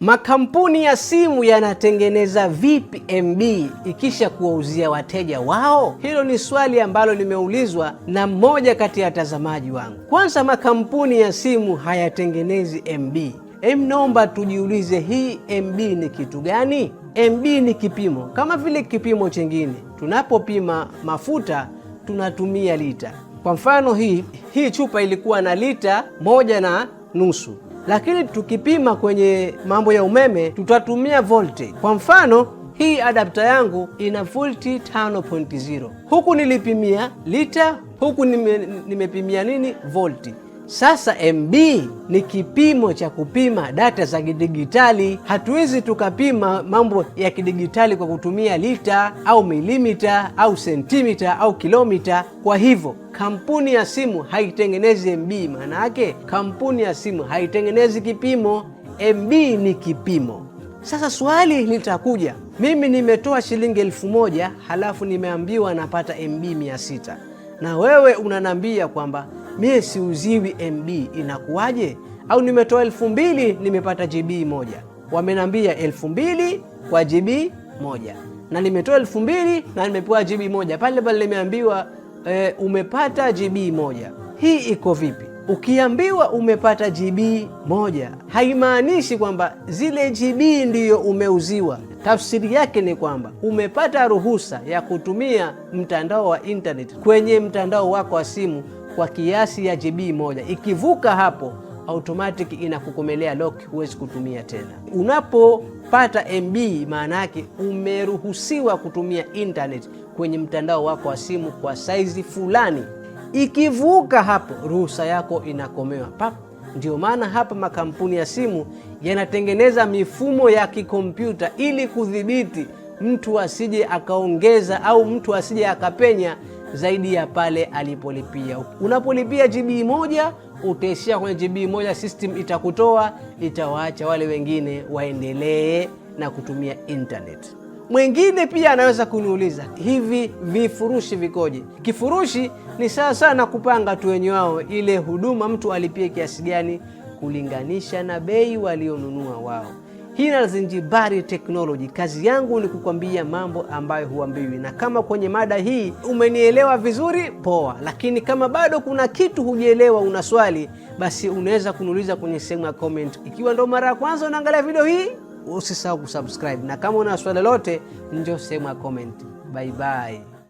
makampuni ya simu yanatengeneza vipi MB ikisha kuwauzia wateja wao? Hilo ni swali ambalo limeulizwa na mmoja kati ya watazamaji wangu. Kwanza, makampuni ya simu hayatengenezi MB. Em, naomba tujiulize hii MB ni kitu gani? MB ni kipimo, kama vile kipimo chengine. Tunapopima mafuta tunatumia lita. Kwa mfano, hii hii chupa ilikuwa na lita moja na nusu lakini tukipima kwenye mambo ya umeme tutatumia voltage. Kwa mfano hii adapta yangu ina volti 5.0, huku nilipimia lita, huku nime, nimepimia nini volti. Sasa MB ni kipimo cha kupima data za kidigitali. Hatuwezi tukapima mambo ya kidigitali kwa kutumia lita au milimita au sentimita au kilomita. Kwa hivyo kampuni ya simu haitengenezi MB, maana yake kampuni ya simu haitengenezi kipimo. MB ni kipimo. Sasa swali litakuja, mimi nimetoa shilingi elfu moja halafu nimeambiwa napata MB mia sita na wewe unanambia kwamba mie siuziwi MB inakuwaje? Au nimetoa elfu mbili nimepata GB moja, wamenambia elfu mbili kwa GB moja, na nimetoa elfu mbili na nimepewa GB moja pale pale, nimeambiwa e, umepata GB moja. Hii iko vipi? Ukiambiwa umepata GB moja haimaanishi kwamba zile GB ndiyo umeuziwa. Tafsiri yake ni kwamba umepata ruhusa ya kutumia mtandao wa intaneti kwenye mtandao wako wa simu kwa kiasi ya GB moja. Ikivuka hapo automatic inakukomelea lock, huwezi kutumia tena. Unapopata MB, maana yake umeruhusiwa kutumia internet kwenye mtandao wako wa simu kwa saizi fulani. Ikivuka hapo ruhusa yako inakomewa pap. Ndio maana hapa makampuni ya simu yanatengeneza mifumo ya kikompyuta ili kudhibiti mtu asije akaongeza au mtu asije akapenya zaidi ya pale alipolipia. Unapolipia GB moja utaishia kwenye GB moja, system itakutoa, itawaacha wale wengine waendelee na kutumia internet. Mwingine pia anaweza kuniuliza hivi vifurushi vikoje? Kifurushi ni sawa sawa na kupanga tu wenye wao ile huduma, mtu alipie kiasi gani kulinganisha na bei walionunua wao. Hii ni Alzenjbary Technology. Kazi yangu ni kukwambia mambo ambayo huambiwi, na kama kwenye mada hii umenielewa vizuri, poa. Lakini kama bado kuna kitu hujielewa, una swali, basi unaweza kuniuliza kwenye sehemu ya comment. Ikiwa ndo mara ya kwanza unaangalia video hii, usisahau kusubscribe, na kama una swali lolote, njoo sehemu ya comment. Bye bye.